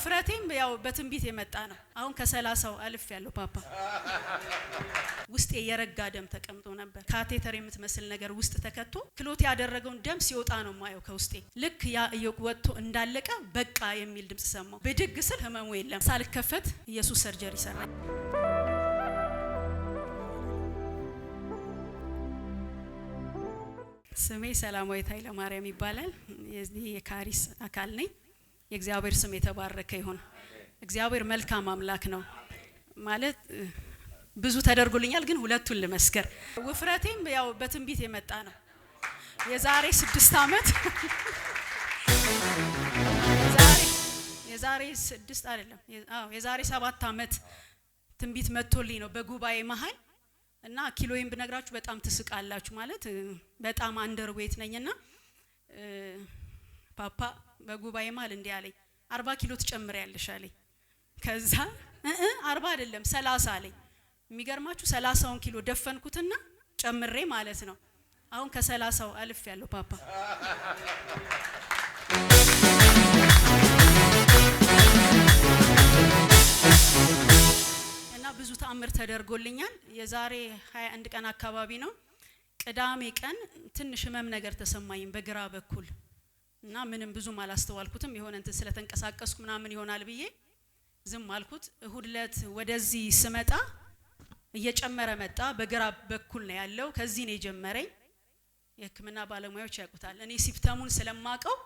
ውፍረቴም ያው በትንቢት የመጣ ነው። አሁን ከሰላሳው አልፍ ያለው ፓፓ ውስጤ የረጋ ደም ተቀምጦ ነበር። ካቴተር የምትመስል ነገር ውስጥ ተከቶ ክሎት ያደረገውን ደም ሲወጣ ነው ማየው ከውስጤ። ልክ ያ ወጥቶ እንዳለቀ በቃ የሚል ድምጽ ሰማው። ብድግ ስል ህመሙ የለም። ሳልከፈት ኢየሱስ ሰርጀሪ ይሰራል። ስሜ ሰላማዊት ኃይለማርያም ይባላል። የዚህ የካሪስ አካል ነኝ። የእግዚአብሔር ስም የተባረከ ይሁን። እግዚአብሔር መልካም አምላክ ነው። ማለት ብዙ ተደርጎልኛል፣ ግን ሁለቱን ልመስከር። ውፍረቴም ያው በትንቢት የመጣ ነው። የዛሬ ስድስት ዓመት የዛሬ ስድስት አይደለም፣ አዎ የዛሬ ሰባት ዓመት ትንቢት መጥቶልኝ ነው በጉባኤ መሀል እና ኪሎዬን ብነግራችሁ በጣም ትስቃላችሁ። ማለት በጣም አንደር ዌት ነኝና ፓፓ በጉባኤ ማል እንዲህ አለኝ፣ አርባ ኪሎ ትጨምሪያለሽ አለኝ። ከዛ አርባ አይደለም ሰላሳ አለኝ። የሚገርማችሁ ሰላሳውን ኪሎ ደፈንኩትና ጨምሬ ማለት ነው። አሁን ከሰላሳው አልፍ ያለው ፓፓ እና ብዙ ተአምር ተደርጎልኛል። የዛሬ 21 ቀን አካባቢ ነው ቅዳሜ ቀን ትንሽ ህመም ነገር ተሰማኝም በግራ በኩል እና ምንም ብዙም አላስተዋልኩትም። የሆነ እንትን ስለተንቀሳቀስኩ ምናምን ይሆናል ብዬ ዝም አልኩት። እሁድ ወደዚህ ስመጣ እየጨመረ መጣ። በግራ በኩል ነው ያለው። ከዚህ ነው የጀመረኝ። የሕክምና ባለሙያዎች ያውቁታል። እኔ ሲፕተሙን ስለማቀው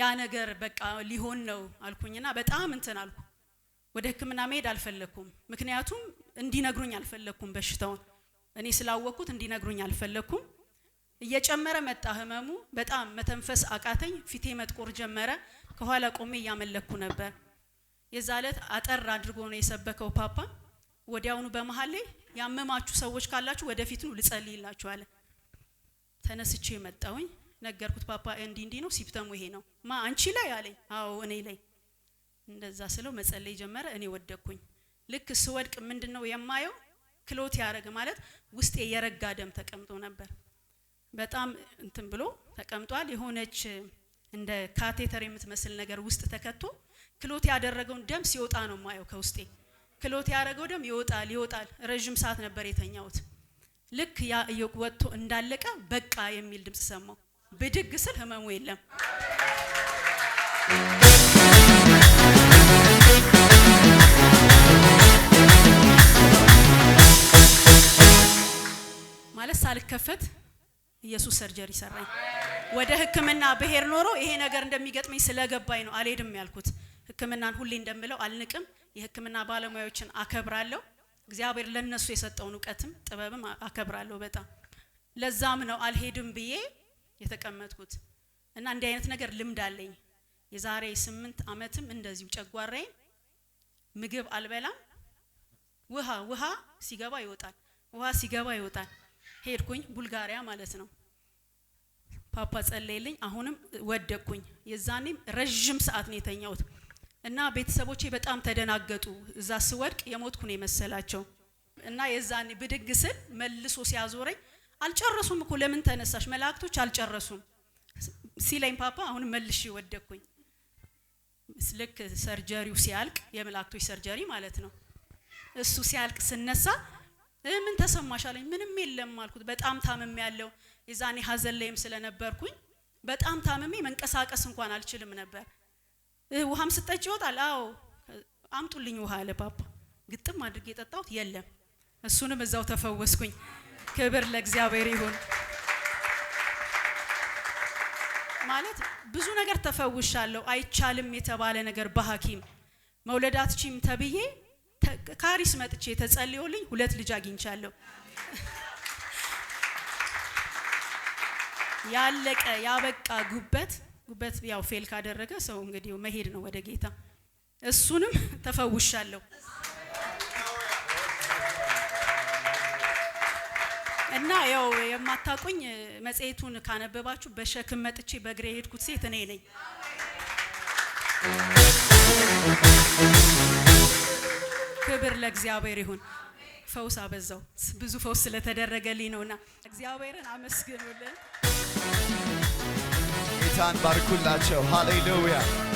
ያ ነገር በቃ ሊሆን ነው አልኩኝና በጣም እንትን አልኩ። ወደ ሕክምና መሄድ አልፈለኩም። ምክንያቱም እንዲነግሩኝ አልፈለኩም። በሽታውን እኔ ስላወቅኩት እንዲነግሩኝ አልፈለኩም። እየጨመረ መጣ ህመሙ። በጣም መተንፈስ አቃተኝ፣ ፊቴ መጥቆር ጀመረ። ከኋላ ቆሜ እያመለኩ ነበር። የዛ ዕለት አጠር አድርጎ ነው የሰበከው ፓፓ። ወዲያውኑ በመሀል ላይ ያመማችሁ ሰዎች ካላችሁ ወደፊት ነው አለ። ተነስቼ መጣሁኝ፣ ነገርኩት። ፓፓ እንዲህ እንዲህ ነው ሲፕተሙ ይሄ ነው። ማ አንቺ ላይ አለኝ። አዎ እኔ ላይ እንደዛ ስለው መጸለይ ጀመረ። እኔ ወደኩኝ ልክ ስወድቅ ምንድን ነው የማየው? ክሎት ያደረገ ማለት ውስጤ የረጋ ደም ተቀምጦ ነበር። በጣም እንትን ብሎ ተቀምጧል። የሆነች እንደ ካቴተር የምትመስል ነገር ውስጥ ተከቶ ክሎት ያደረገውን ደም ሲወጣ ነው ማየው። ከውስጤ ክሎት ያደረገው ደም ይወጣል ይወጣል። ረዥም ሰዓት ነበር የተኛሁት። ልክ ያ ወጥቶ እንዳለቀ በቃ የሚል ድምፅ ሰማው። ብድግ ስል ህመሙ የለም። ማለት ሳልከፈት ኢየሱስ ሰርጀሪ ሰራኝ። ወደ ሕክምና ብሄር ኖሮ ይሄ ነገር እንደሚገጥመኝ ስለገባኝ ነው አልሄድም ያልኩት። ሕክምናን ሁሌ እንደምለው አልንቅም። የሕክምና ባለሙያዎችን አከብራለሁ። እግዚአብሔር ለነሱ የሰጠውን እውቀትም ጥበብም አከብራለሁ በጣም ለዛም ነው አልሄድም ብዬ የተቀመጥኩት እና እንዲህ አይነት ነገር ልምድ አለኝ። የዛሬ ስምንት ዓመትም እንደዚሁ ጨጓራዬን ምግብ አልበላም። ውሃ ውሃ ሲገባ ይወጣል፣ ውሃ ሲገባ ይወጣል። ሄድኩኝ ቡልጋሪያ ማለት ነው። ፓፓ ጸለይልኝ። አሁንም ወደቅኩኝ። የዛኔም ረዥም ሰዓት ነው የተኛሁት እና ቤተሰቦቼ በጣም ተደናገጡ። እዛ ስወድቅ የሞትኩ ነው የመሰላቸው እና የዛኔ ብድግ ስል መልሶ ሲያዞረኝ አልጨረሱም እኮ ለምን ተነሳሽ? መላእክቶች አልጨረሱም ሲለኝ ፓፓ አሁንም መልሼ ወደቅኩኝ። ልክ ሰርጀሪው ሲያልቅ የመላእክቶች ሰርጀሪ ማለት ነው እሱ ሲያልቅ ስነሳ ምን ተሰማሽ አለኝ። ምንም የለም አልኩት። በጣም ታምሜ ያለው የዛኔ ሀዘን ላይም ስለነበርኩኝ በጣም ታምሜ መንቀሳቀስ እንኳን አልችልም ነበር። ውሃም ስጠጭ ይወጣል። አዎ አምጡልኝ ውሃ አለ ፓፓ። ግጥም አድርጌ የጠጣሁት የለም። እሱንም እዛው ተፈወስኩኝ። ክብር ለእግዚአብሔር ይሁን። ማለት ብዙ ነገር ተፈውሻለሁ። አይቻልም የተባለ ነገር በሐኪም መውለድ አትችም ተብዬ ካሪስ መጥቼ ተጸልዮልኝ ሁለት ልጅ አግኝቻለሁ። ያለቀ ያበቃ ጉበት ጉበት ያው ፌል ካደረገ ሰው እንግዲህ መሄድ ነው ወደ ጌታ። እሱንም ተፈውሻለሁ እና ያው የማታቁኝ መጽሔቱን ካነበባችሁ በሸክም መጥቼ በእግሬ የሄድኩት ሴት እኔ ነኝ። ክብር ለእግዚአብሔር ይሁን። ፈውስ አበዛው። ብዙ ፈውስ ስለተደረገልኝ ነውና እግዚአብሔርን አመስግኑልን። ጌታን ባርኩላቸው። ሃሌሉያ